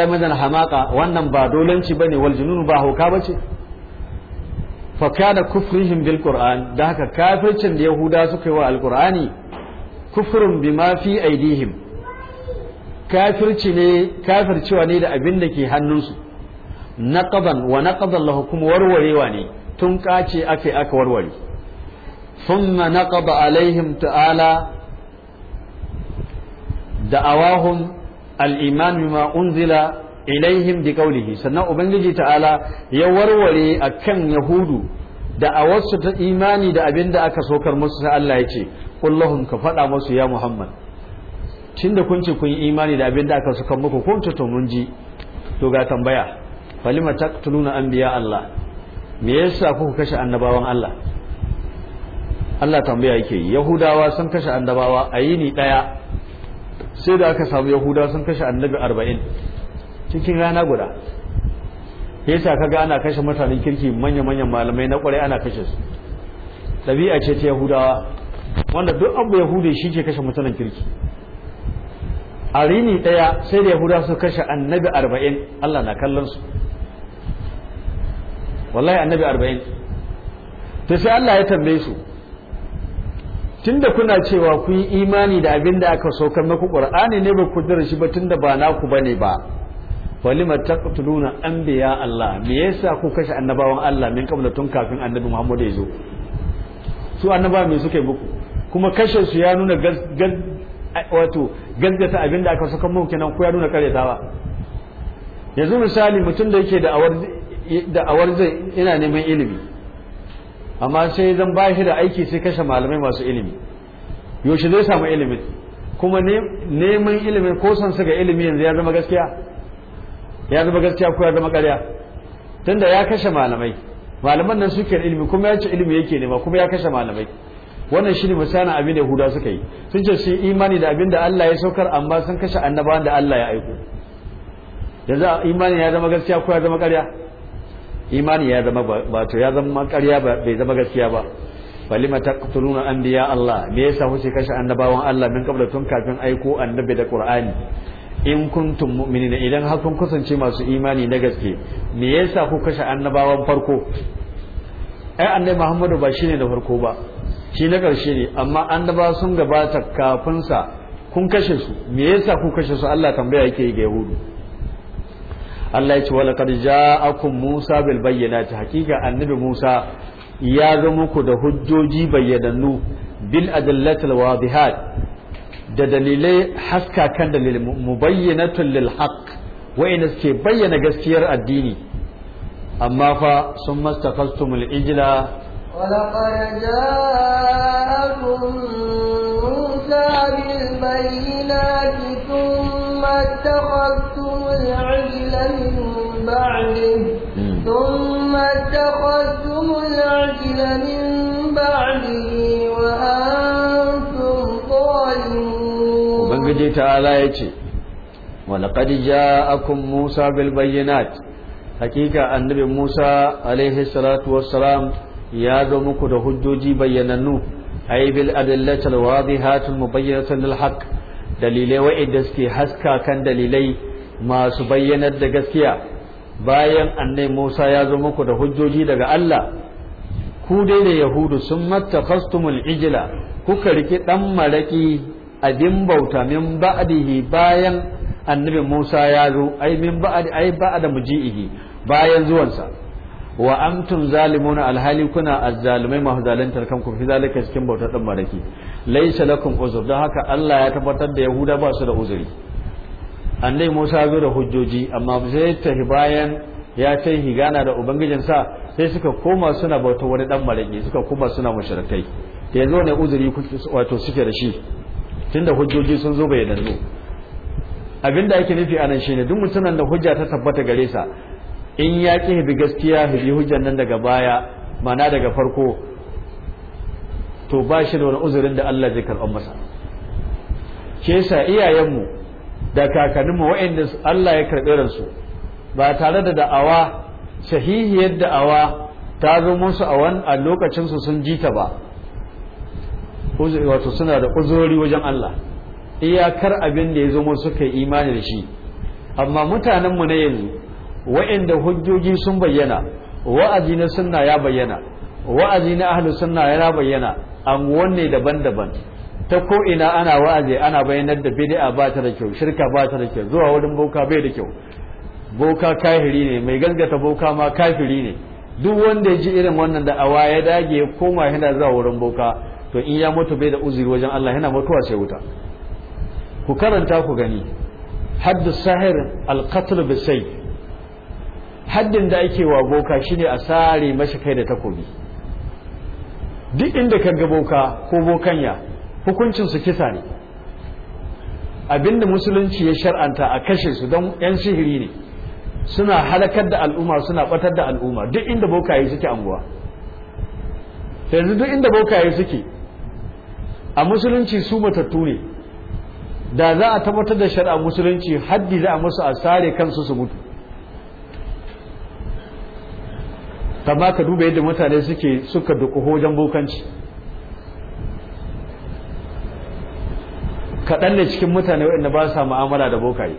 sai mazan hamaka wannan ba dolanci bane wal jununu ba hauka bace fa kana kufrihim bil qur'an da haka kafircin da yahuda suka yi wa alqur'ani kufrun bima fi aidihim kafirci ne kafircewa ne da abin da ke hannunsu naqadan wa naqadan lahu kuma warwarewa ne tun kace ake aka warware thumma naqada alaihim ta'ala da'awahum al-iman bima unzila ilaihim bi qawlihi sannan ubangiji ta'ala ya warware akan yahudu da a wasu ta imani da abin da aka sokar musu sai Allah ya ce kullahum ka faɗa musu ya Muhammad tunda kun ce kun yi imani da abin da aka sokar muku kun ta mun ji to ga tambaya falima taqtuluna anbiya Allah me yasa kuka kashe annabawan Allah Allah tambaya yake Yahudawa sun kashe annabawa a yini daya sai da aka samu yahuda sun kashe annabi arba'in cikin rana guda yasa kaga ana kashe mutanen kirki manya-manyan malamai na kwarai ana kashe su ɗabi'a ce ta yahudawa wanda duk abu yahudai shi ke kashe mutanen kirki a rini ɗaya sai da yahuda su kashe annabi arba'in allah na kallon su wallahi annabi arba'in to sai allah ya tambaye su tunda kuna cewa ku yi imani da abin da aka saukar muku qur'ani ne ba ku dira shi ba tunda ba naku bane ba falima taqtuluna anbiya Allah me yasa ku kashe annabawan Allah min qabla tun kafin annabi Muhammad ya zo su annabawa me suka yi muku kuma kashe su ya nuna wato gaggata abin da aka saukar muku kenan ku ya nuna karyatawa yanzu misali mutum da yake da awar da awar zai ina neman ilimi amma sai zan ba shi da aiki sai kashe malamai masu ilimi yaushe zai samu ilimi kuma neman ilimin ko san ga ilimi yanzu ya zama gaskiya ya zama gaskiya ko ya zama ƙarya tunda ya kashe malamai malaman nan suke da ilimi kuma ya ce ilimi yake nema kuma ya kashe malamai wannan shi ne misalin abin da Yahuda suka yi sun ce shi imani da abin da Allah ya saukar amma sun kashe annabawan da Allah ya aiko yanzu imani ya zama gaskiya ko ya zama ƙarya imani ya zama ba to ya zama ƙarya bai zama gaskiya ba falima taqtuluna anbiya Allah me yasa kuke kashe annabawan Allah min kabla tun kafin aiko annabi da Qur'ani in kuntum mu'minina idan har kun kasance masu imani na gaske me yasa ku kashe annabawan farko ai annabi Muhammadu ba shine da farko ba shi na ƙarshe ne amma annaba sun gabata kafin kun kashe su me yasa ku kashe su Allah tambaya yake ga Yahudu Allah ya ce wala kad ja'akum Musa bil bayyinati hakika annabi Musa ya zo muku da hujjoji bayyanannu bil adillatil wadihat da dalilai haska kan dalil mubayyinatul lil haqq wa'ina suke bayyana gaskiyar addini amma fa sun mastaqastumul ijla ولقد جاءكم موسى بالبينات ثم اتخذتم Hmm. Ubangiji ta'ala ya ce, Walakadi ja akun Musa bilbayyanat, hakika annabin Musa alaihi ya zo muku da hujjoji bayyanannu, ai bil adillatul wadihatul mubayyanatul haqq dalilai wa'idda suke haska kan dalilai masu bayyanar da gaskiya bayan annai Musa ya zo muku da hujjoji daga Allah ku dai da Yahudu sun mattakhastumul ijla kuka riki dan maraki abin bauta min ba'dihi bayan annabi Musa ya zo ai min ba'di ai ba'da muji'ihi bayan zuwansa wa antum zalimuna alhali kuna azzalimai masu zalantar kanku fi zalika cikin bautar dan maraki laysa lakum uzur don haka Allah ya tabbatar da Yahuda ba su da uzuri annai Musa zo da hujjoji amma sai ta bayan ya ta yi gana da sa sai suka koma suna bauta wani dan malaki suka koma suna mushrikai da yanzu wani uzuri wato suke da shi tunda hujjoji sun zo bai zo abinda ake nufi anan shine duk mutumin da hujja ta tabbata gare sa in ya ki bi gaskiya bi hujjan nan daga baya mana daga farko to ba shi da wani uzurin da Allah zai karɓa masa ke sa iyayenmu da kakanninmu waɗanda Allah ya karɓi ransu ba tare da da'awa sahihiyar da'awa ta zo musu a wani lokacin su sun jita ba wato suna da uzuri wajen Allah iyakar abin da ya zo musu suka yi imani da shi amma mutanenmu na yanzu waɗanda hujjoji sun bayyana wa'azi na sunna ya bayyana wa'azi na ahlus sunna ya bayyana an wanne daban-daban ta ko ina ana wa'azi ana bayanar da bid'a ba ta da kyau shirka ba ta da kyau zuwa wurin boka bai da kyau boka kafiri ne mai gangata boka ma kafiri ne duk wanda ya ji irin wannan da awa ya dage ya koma yana zuwa wurin boka to in ya mutu bai da uzuri wajen Allah yana mutuwa sai wuta ku karanta ku gani haddu sahir alqatl bisayf haddin da ake wa boka shine a sare mashi kai da takobi duk inda ka ga boka ko bokanya Hukuncinsu kisa ne abinda musulunci ya shar'anta a kashe su don yan sihiri ne suna halakar da al'umma suna batar da al'umma duk inda bokaye suke anguwa yanzu duk inda bokaye suke a musulunci su matattu ne da za a tabbatar da shari'a musulunci haddi za a musu a sare kansu su mutu amma ka duba yadda mutane suke suka duku hojan bokanci kaɗan ne cikin mutane waɗanda ba sa mu'amala da bokaye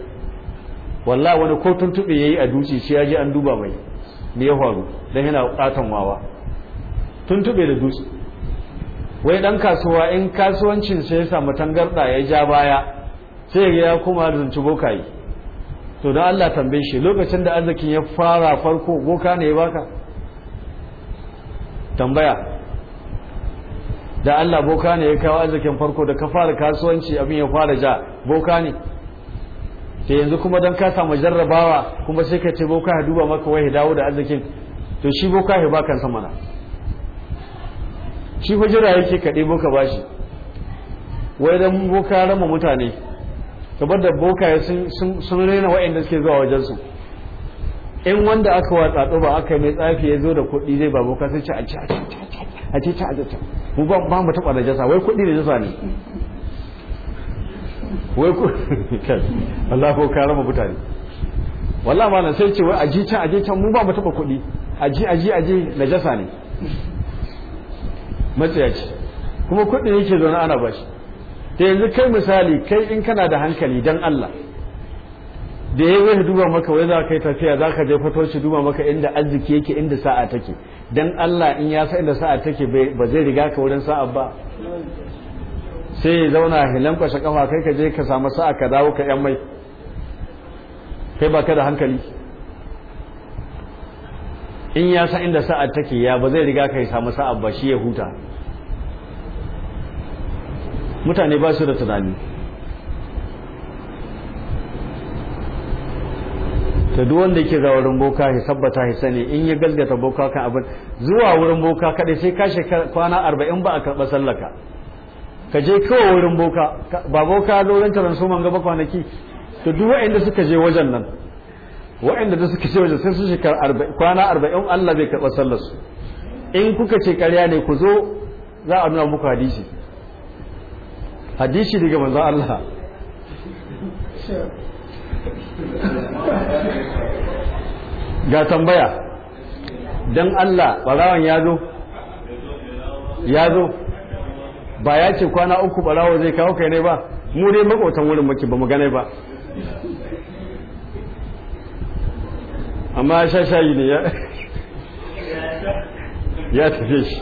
wallahi wani ko tuntuɓe ya yi a duci sai ya je an duba mai ne ya faru don yana ƙaton wawa tuntuɓe da dutse wai ɗan kasuwa in kasuwancin sai ya samu tangarɗa ya ja baya sai ya kuma zunci bokaye to don Allah tambaye shi lokacin da arzikin ya fara farko boka ne ya baka tambaya da Allah boka ne ya kawo arzikin farko da ka fara kasuwanci abin ya fara ja boka ne sai yanzu kuma don ka samu jarrabawa kuma sai ka ce boka ya duba maka wai dawo da arzikin to shi boka ya bakan sama na shi fa jira yake kaɗai boka bashi wai dan boka rama mutane kamar da boka sun rena waɗanda suke zuwa wajensu in wanda aka watsa ba aka mai tsafi ya zo da kuɗi zai ba boka sai ci a ci a ci a ci a ci mu ba ba mu taba najasa wai kuɗi najasa ne wai ku kai Allah ko kare mu mutane wallahi malam sai ce wai aji ta aji ta mu ba mu taba kudi aji aji aji najasa ne matsayaci kuma kuɗi yake zaune ana bashi da yanzu kai misali kai in kana da hankali dan Allah da ya zai duba maka wai za ka yi tafiya za ka je fito shi duba maka inda arziki yake inda sa'a take dan Allah in ya san inda sa'a take ba zai riga ka wurin sa'a ba sai ya zauna hilan kwashe kafa kai ka je ka samu sa'a ka dawo ka yan mai kai ba ka da hankali in ya san inda sa'a take ya ba zai riga ka yi samu sa'a ba shi ya huta mutane ba su da tunani to duk wanda yake zuwa wurin boka ya tabbata ya sani in ya galgata boka kan abin zuwa wurin boka kadai sai ka shi kwana arba'in ba a karɓa sallaka ka je kawai wurin boka ba boka zo wurin taron su manga ba kwanaki to duk waɗanda suka je wajen nan waɗanda da suka je wajen sai su shekar kwana arba'in Allah bai karɓa sallar su in kuka ce ƙarya ne ku zo za a nuna muku hadisi hadisi daga manzo Allah ga tambaya don Allah barawan ya zo ya zo ba ya ce kwana uku barawa zai kawo kai ne ba mu dai makotan wurin muke ba mu gane ba amma yi ne ya ya tafi shi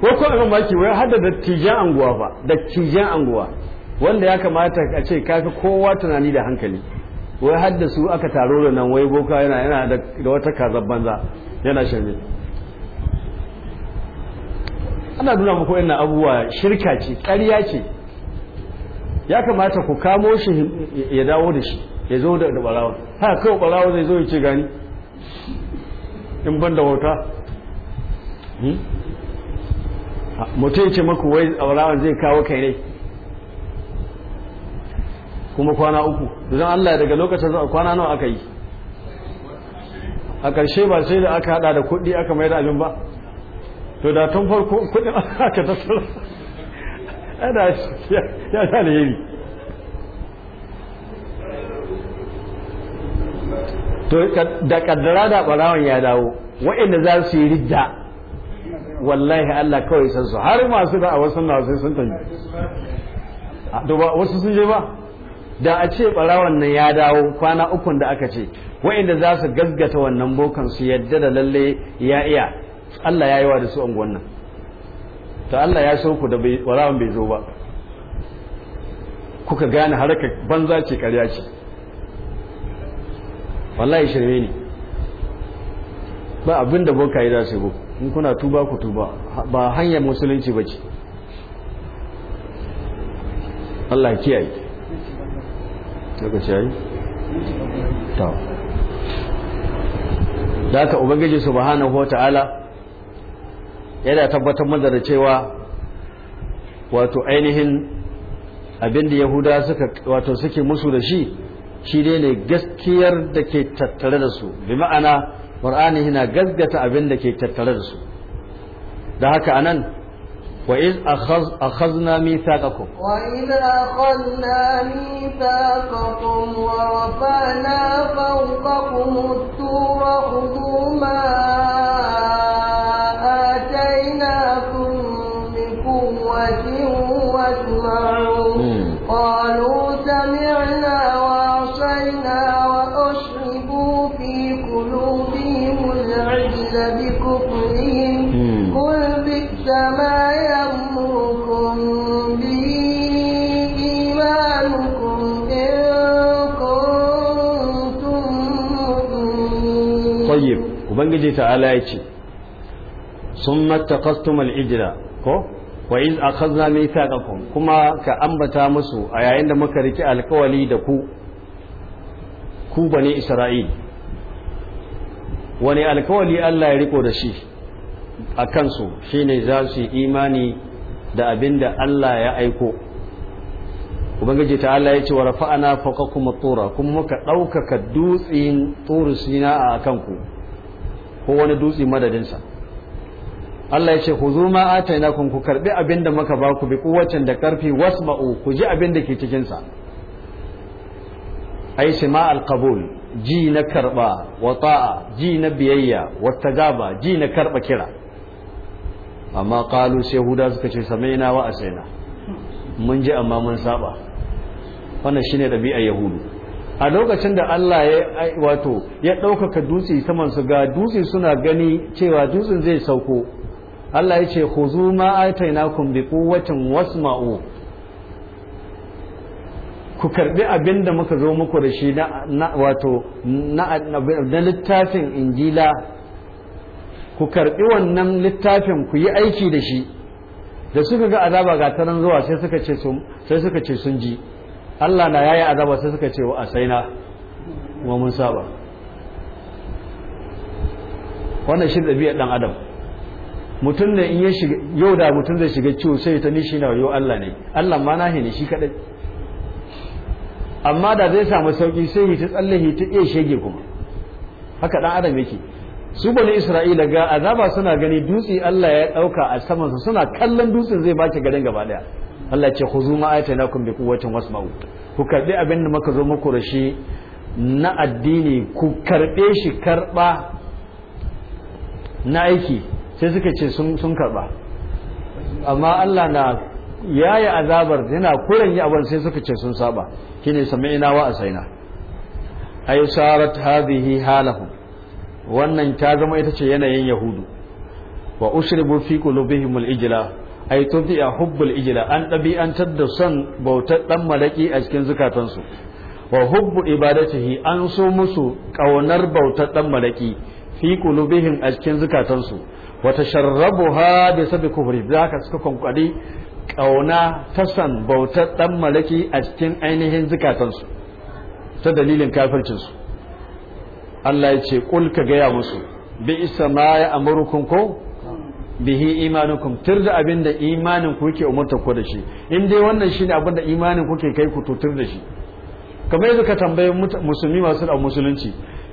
ko kuma maki wai hada da tijan anguwa ba da tijan anguwa wanda ya kamata a ce kafi kowa tunani da hankali wai haddasu aka taro da nan wai boka yana yana da wata kazar banza yana shirme ana nuna muku yana abubuwa shirka ce ƙarya ce ya kamata ku kamo shi ya dawo da shi ya zo da barawa ha kawai barawa zai zo ya ce gani in ban da wauta hmm? mutum ce maku wai barawa zai kawo kai ne kuma kwana uku don Allah daga lokacin zuwa kwana nawa aka yi a ƙarshe ba sai da aka hada da kuɗi aka mai da abin ba to da tun farko kuɗin aka tattara ana ya ta da yiri to da kaddara da ɓarawan ya dawo waɗanda za su yi ridda wallahi Allah kawai san su har masu da a wasu na sai sun tanyi A ba wasu sun je ba da a ce barawan nan ya dawo kwana ukun da aka ce wa'inda za su gaggata wannan bokan su yadda da lalle ya iya Allah ya yi wa da su anguwan nan to Allah ya so ku da barawan bai zo ba kuka gane harka banza ce karya ce wallahi shirme ne ba abin da bokaye za su yi in kuna tuba ku tuba ba hanyar musulunci ba ce Allah kiyaye lokaci yayi to daga ubangiji subhanahu wataala yana tabbatar mada da cewa wato ainihin abin da yahuda suka wato suke musu da shi shi dai ne gaskiyar da ke tattare da su bi ma'ana ƙur'ani yana gaskata abin da ke tattare da su da haka anan وإذ أخذ أخذنا ميثاقكم وإذ أخذنا ميثاقكم ورفعنا فوقكم الطور خذوا ما ubangiji ta'ala ya ce mata kastomal ijra ko wa iz akhadna mithaqakum kuma ka ambata musu a yayin da muka riki alkawali da ku ku bani isra'il wani alkawali Allah ya riko da shi a kansu shine za su yi imani da abin da Allah ya aiko ubangiji ta Allah ya ce wa rafa'ana fawqakum at kuma muka ɗaukaka dutsen turu sina a kanku ko wani dutse madadinsa Allah ya ce ku zo ma atainakum ku karbi abinda da muka ba ku bi kuwacin da karfi wasma'u ku ji abin da ke cikin sa ai al alqabul ji na karba wa ta'a ji na biyayya wa tagaba ji na karba kira amma qalu sai huda suka ce samaina wa asaina mun ji amma mun saba wannan shine dabi'ar yahudu a lokacin da Allah ya wato ya ɗaukaka dutse saman su ga dutse suna gani cewa dutsen zai sauko Allah ya ce khuzu ma atainakum bi quwwatin wasma'u ku karbi abin muka zo muku da shi na wato na littafin injila ku karbi wannan littafin ku yi aiki da shi da suka ga azaba ga zuwa sai suka sai suka ce sun ji Allah na yayi azaba sai suka ce wa asaina kuma mun saba wannan shi ɗabi'ar ɗan adam mutum ne in ya shiga yau da mutum zai shiga ciwo sai ta nishi na yau Allah ne Allah ma na ne shi kadai amma da zai samu sauki sai yi ta tsalle ta iya shege kuma haka ɗan adam yake su bani isra'ila ga azaba suna gani dutse Allah ya ɗauka a samansu suna kallon dutsen zai bace garin gaba ɗaya Allah ce ku zuma na kun bi wasu wasma'u ku karbi abin da muka zo muku rashi na addini ku karbe shi karba na aiki sai suka ce sun karba amma Allah na yaya azabar yana kuran yi abin sai suka ce sun saba same ina wa asaina ay sarat hadhihi halahum wannan ta zama ita ce yanayin yahudu wa ushribu fi qulubihim al-ijla ai a hubbul ijla an ɗabi'antar da son bautar ɗan malaki a cikin zukatansu wa hubbu ibadatihi an so musu ƙaunar bautar ɗan malaki fi qulubihim a cikin zukatansu wa ha bi sabi kufri zaka suka kwankwadi ƙauna ta san bautar ɗan malaki a cikin ainihin zukatansu ta dalilin kafircinsu Allah ya ce kul ka gaya musu bi isa ma ya amurukun ko bihi imanukum tur da abin da imanin ku yake umurta ku da shi in dai wannan shine abin da imanin ku ke kai ku to tur da shi kamar yadda ka tambayi musulmi masu da musulunci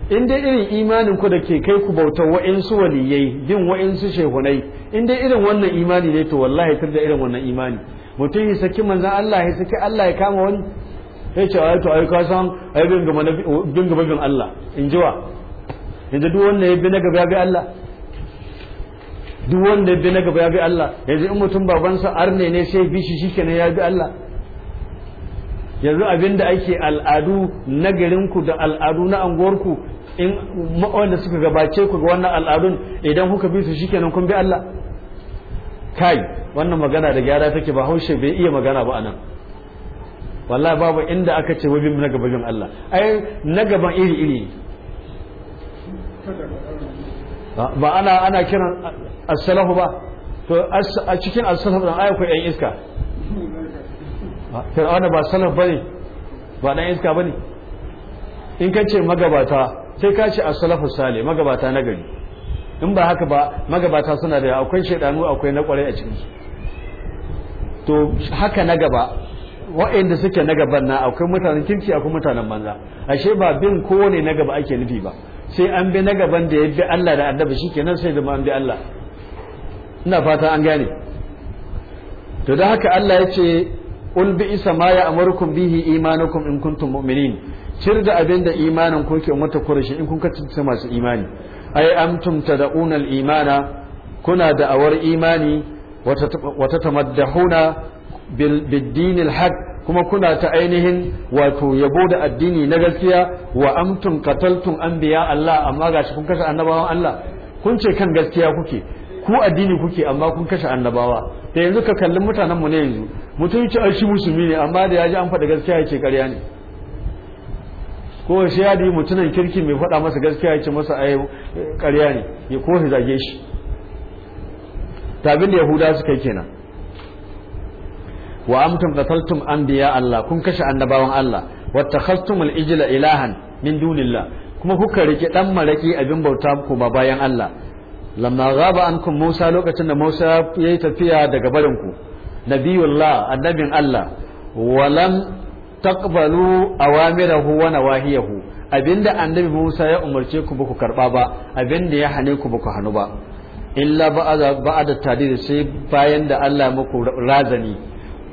in dai irin imanin ku da ke kai ku bautar wa'insu waliyai bin wa'insu shehunai in dai irin wannan imani ne to wallahi tur da irin wannan imani mutum ya saki manzan Allah ya saki Allah ya kama wani ya ce ai to ai ka san ai bin gaba bin Allah in ji wa in ji duk wanda ya bi na gaba ya bi Allah duk wanda bi na gaba ya bi Allah yanzu in mutum babansa arne ne sai bi shi shikenan ya bi Allah yanzu abinda ake al'adu na garinku da al'adu na anguwarku in wanda suka gabace ku ga wannan al'adun idan kuka bi su shikenan kun bi Allah kai wannan magana da gyara take ba haushe bai iya magana ba anan wallahi babu inda aka ce wajen na gaba gaban Allah ai na gaban iri iri ba ana ana kiran as-salahu ba to a cikin as-salahu dan ayi yan iska fir'auna ba salaf bane ba dan iska bane in ka ce magabata sai ka ce as-salafu salih magabata na gari in ba haka ba magabata suna da akwai shaidanu akwai na kwarai a cikin su to haka na gaba wa'anda suke na gaban na akwai mutanen kirki akwai mutanen banza ashe ba bin kowane na gaba ake nufi ba sai an bi na gaban da ya bi Allah da annabi shikenan sai da an bi Allah ina fata an gane to da haka Allah ya ce qul bi isa ma ya'murukum bihi imanukum in kuntum mu'minin cir da abin da imanin ku ke mata kurashi in kun kace masu imani ai amtum tad'una al-imana kuna da'awar imani wata tamaddahuna bid-din al-haq kuma kuna ta ainihin wato yabo da addini na gaskiya wa amtum qataltum anbiya Allah amma gashi kun kashe annabawan Allah kun ce kan gaskiya kuke ku addini kuke amma kun kashe annabawa da yanzu ka kalli mutanenmu ne yanzu mutum ce ai shi musulmi ne amma da ya ji an faɗa gaskiya yake ƙarya ne ko shi ya yi mutunan kirki mai faɗa masa gaskiya yake masa ai ƙarya ne ya ko zage shi tabin da yahuda suka yi kenan wa amtum qataltum anbiya Allah kun kashe annabawan Allah wattakhastum al-ijla ilahan min dunillah kuma kuka rike dan maraki abin bauta ko bayan Allah lamma ghaba ankum Musa lokacin da Musa yayi tafiya daga barinku. ku nabiyullah annabin Allah walam taqbalu awamirahu wa nawahiyahu abinda annabi Musa ya umarce ku buku karba ba abinda ya hane ku buku hanu ba illa ba'ada ba'ada tadid sai bayan da Allah muku razani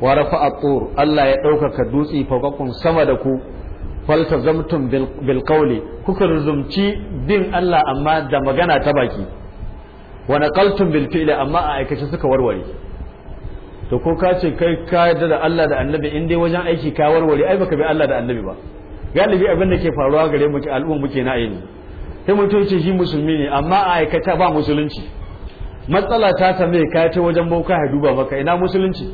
wa rafa'a tur Allah ya ɗaukaka dutse fawqakum sama da ku faltazamtum bil qawli kuka ruzumci bin Allah amma da magana ta baki wa naqaltum bil fi'li amma a aikace suka warware to ko ka ce kai ka yarda da Allah da Annabi in dai wajen aiki ka warware ai baka bi Allah da Annabi ba galibi abin da ke faruwa gare mu al'umma muke na aini sai mutum ce shi musulmi ne amma a aikata ba musulunci matsala ta same ka ce wajen boka ya duba maka ina musulunci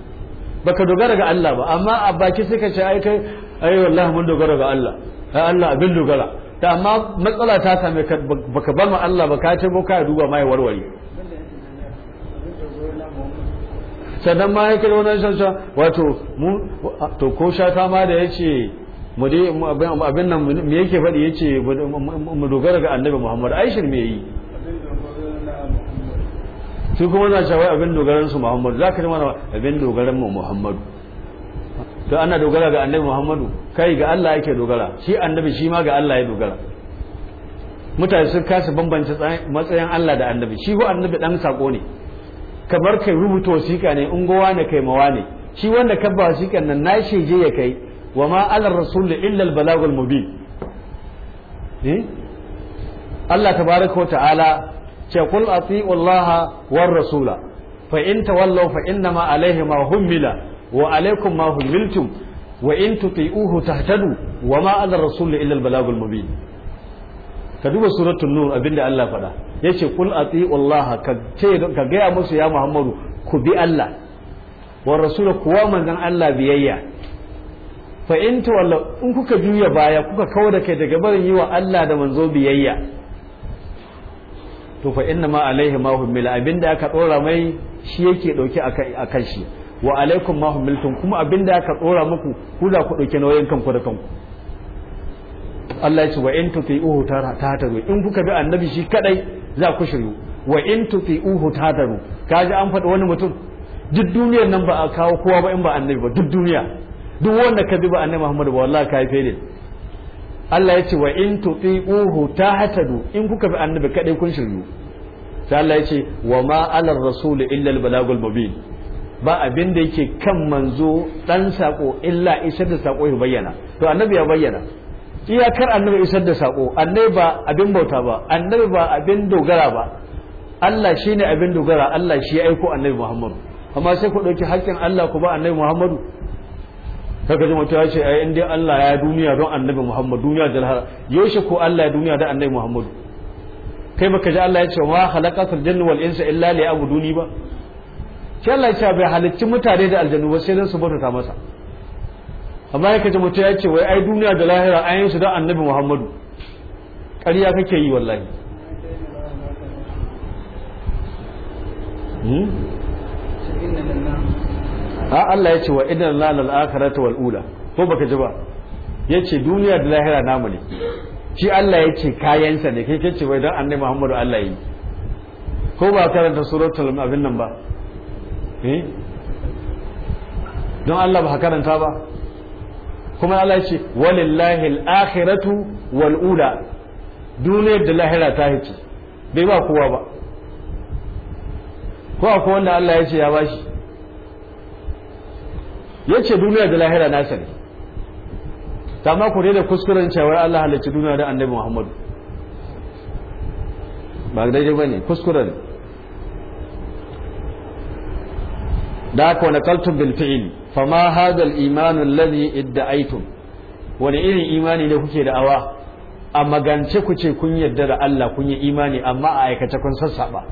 baka dogara ga Allah ba amma a baki sai ka ce ai kai ai wallahi mun dogara ga Allah ai Allah abin dogara ta amma matsala ta same ka baka bar mu Allah ba ka ce mu ka duba mai warware sannan ma yake da wannan shansa wato mu to ko shata ma da yace mu dai abin nan me yake faɗi yace mu dogara ga annabi Muhammad Aishin me yi su kuma na shawai abin dogaran Muhammad zaka ji mana abin dogaran mu Muhammadu to ana dogara ga annabi muhammadu kai ga Allah yake dogara shi annabi shi ma ga Allah ya dogara mutane sun kasa bambance matsayin Allah da annabi shi ko annabi dan sako ne kamar kai rubuta wasiƙa ne in gowa ne kai mawa ne shi wanda ka ba wasiƙan nan na shi je ya kai wa ma alar rasul illa al balagul mubin eh? Allah tabaraka wa ta'ala ce kul ati'u Allah war rasula fa in tawallaw fa innama alaihi ma wa alaikum ma humiltum wa in tuti'uhu tahtadu wa ma ala rasul illa al-balagul mubin ka duba suratul nur abinda Allah faɗa yace kul ati'u Allah ka ce ka gaya musu ya Muhammadu ku bi Allah wa rasul kuwa manzon Allah biyayya fa in tawalla in kuka juya baya kuka kawar da kai daga barin yi wa Allah da manzo biyayya to fa inna ma alaihi ma humila abinda aka dora mai shi yake dauke akan shi wa alaikum ma humiltum kuma abinda aka tsora muku ku za ku dauke nauyin kanku da kanku Allah ya ce wa in tuti'uhu tahtaru in kuka bi annabi shi kadai za ku shiryu wa in tuti'uhu tahtaru kaji an faɗi wani mutum duk duniyar nan ba a kawo kowa ba in ba annabi ba duk duniya duk wanda ka bi ba annabi Muhammad ba wallahi ka haife ne Allah ya ce wa in tuti'uhu tahtadu in kuka bi annabi kadai kun shiryu sai Allah ya ce wa ma alar rasul illa al balagul mubin ba abin da yake kan manzo dan sako illa isar da sako ya bayyana to annabi ya bayyana iyakar annabi isar da sako annabi ba abin bauta ba annabi ba abin dogara ba Allah shine abin dogara Allah shi ya aiko annabi Muhammadu amma sai ku ɗauki haƙƙin Allah ku ba annabi Muhammadu kaga ji mutum ya ce ai indai Allah ya duniya don annabi Muhammad duniya da jalhara yaushe ko Allah ya duniya da annabi Muhammadu? kai baka ji Allah ya ce wa khalaqatul jinni wal insa illa liya'buduni ba shi Allah ya bai halicci mutane da aljanu ba sai dan su bauta masa amma yake ji mutum ya ce wai ai duniya da lahira ayin su da annabi Muhammadu ƙarya kake yi wallahi hmm? a Allah ya ce wa idan lalal akhirata wal ula ko baka ji ba yace duniya da lahira namu ne shi Allah ya ce kayansa ne kai kace wai dan annabi Muhammadu Allah yi ko ba karanta suratul abin nan ba Eh? don Allah ba karanta ba kuma Allah ya ce walillahi al-akhiratu wal ula duniyar da lahira ta hici bai ba kowa ba ko akwai wanda Allah ya ce ya bashi ya ce duniyar da lahira nasa ne ta ma ku da kuskuren cewa Allah halacci duniya da annabi Muhammadu ba daidai ba ne kuskuren da haka wani kaltun ma fama hadal imanun idda idda'aytum wani irin imani ne kuke da awa a magance ku ce kun yarda da Allah kun yi imani amma a aikace kun ba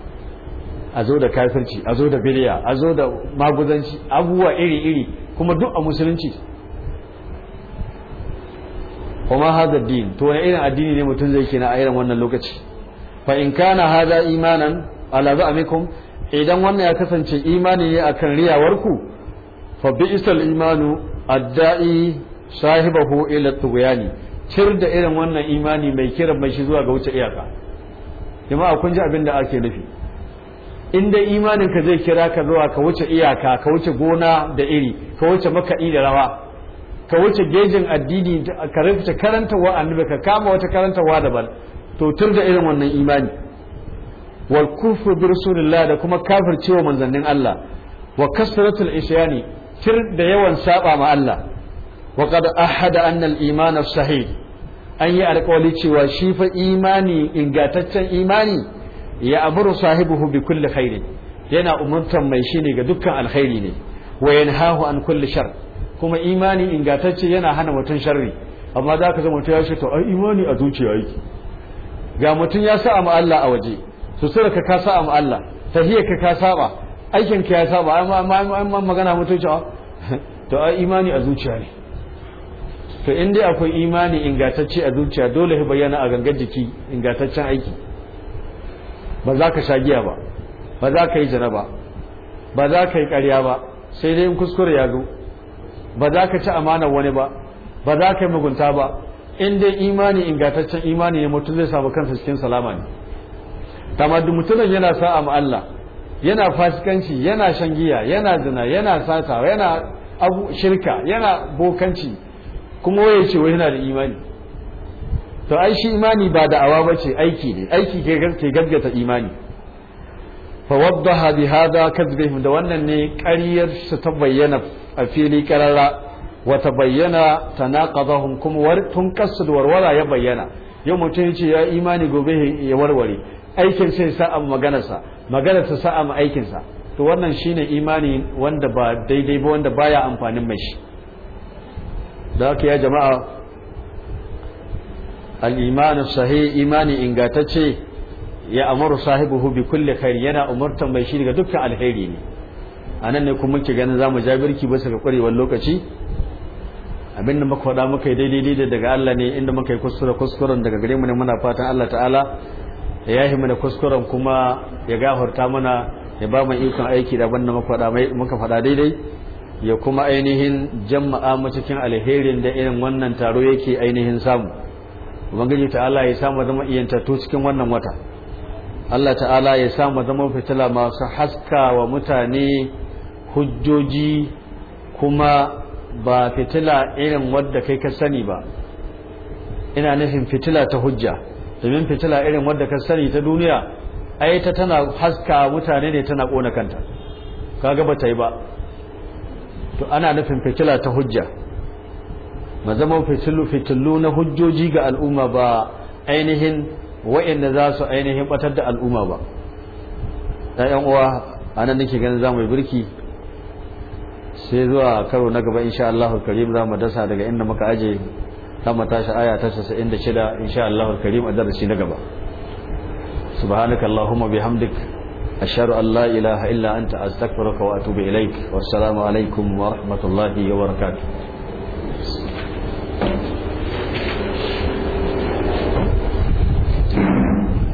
a zo da kafirci a zo da biriya a zo da maguzanci abubuwa iri-iri kuma duk a musulunci kuma haza din to wani irin addini ne mutum zai kina a irin wannan lokaci fa in kana haza imanan ala za'amikum idan wannan ya kasance imani ne a kan riyawarku fabi isal imanu adda'i sahibahu ila tuguyani cir da irin wannan imani mai kiran mai shi zuwa ga wuce iyaka jama'a kun ji abin da ake nufi in imanin ka zai kira ka zuwa ka wuce iyaka ka wuce gona da iri ka wuce makaɗi da rawa ka wuce gejin addini ka rufe karantarwa annabi ka kama wata karantarwa daban to tur da irin wannan imani wal kufru bi da kuma kafircewa manzannin Allah wa kasratul isyani tir da yawan saba ma Allah wa qad ahada anna al iman sahih an yi alƙawari cewa shi fa imani ingantaccen imani ya amuru sahibihu bi kulli khairi yana umurtan mai shine ga dukkan alkhairi ne wa yanhahu an kulli shar kuma imani ingantacce yana hana mutum sharri amma za ka zama mutum ya shi to ai imani a zuciya yake ga mutum ya sa ma Allah a waje sutura ka kasa a ma Allah tahiyar ka ka ba aikin ka ya saba amma magana mutunci ah, to a imani a zuciya ne to in dai akwai imani ingantacce a zuciya dole ya bayyana a gangar jiki ingantaccen aiki ba za ka sha giya ba ba za ka yi jana ba ba za ka yi karya ba sai dai in kuskure ya zo ba za ka ci amanar wani ba ba za ka yi mugunta ba in dai imani ingantaccen imani ne mutum zai samu kansa cikin salama ne amma duk mutumin yana sa'a ma Allah yana fasikanci yana shan giya yana zina yana sata yana abu shirka yana bokanci kuma waye ce wai yana da imani to ai shi imani ba da awa ba ce aiki ne aiki ke gaggata imani fa waddaha bi hada kadbihim da wannan ne ƙaryar su ta bayyana a fili karara wa ta bayyana ta kuma war tun da warwara ya bayyana yau mutum ya ce ya imani gobe ya warware aikin sai sa'a maganarsa maganarsa sa'a ma aikinsa to wannan shine imani wanda ba daidai ba wanda baya amfanin mai shi da haka ya jama'a al-iman sahih imani ingatacce ya amuru sahibuhu bi kulli khair yana umurtan mai shi daga dukkan alheri ne anan ne kuma muke ganin zamu jabirki bisa ga kwarewar lokaci Abin da muka faɗa muka yi daidai daidai daga Allah ne inda muka yi kuskure kuskuren daga gare mu ne muna fatan Allah ta'ala ya yahi mana kuskuren kuma ya gafarta mana ya ba mai ikon aiki da wannan muka faɗa daidai ya kuma ainihin jama'a mu cikin alherin da irin wannan taro yake ainihin samu ubangiji ta'ala ya samu zama iyantattu cikin wannan wata Allah ta'ala ya samu zama fitila masu haska wa mutane hujjoji kuma ba fitila irin wadda kai ka sani ba ina nufin fitila ta hujja domin fitila irin wadda ka sani ta duniya ai ta tana haska mutane ne tana kona kanta kaga ta yi ba to ana nufin fitila ta hujja ma zama fitilu fitilu na hujjoji ga al'umma ba ainihin wa'inda za su ainihin batar da al'umma ba ɗayan uwa a nan nake ganin za mu yi birki sai zuwa karo na gaba insha Allah karim za mu dasa daga inda muka aje ta matashi aya ta 96 insha Allah alkarim a darasi na gaba subhanaka allahumma bihamdik ashhadu an la ilaha illa anta astaghfiruka wa atubu ilaik wassalamu alaikum wa rahmatullahi wa barakatuh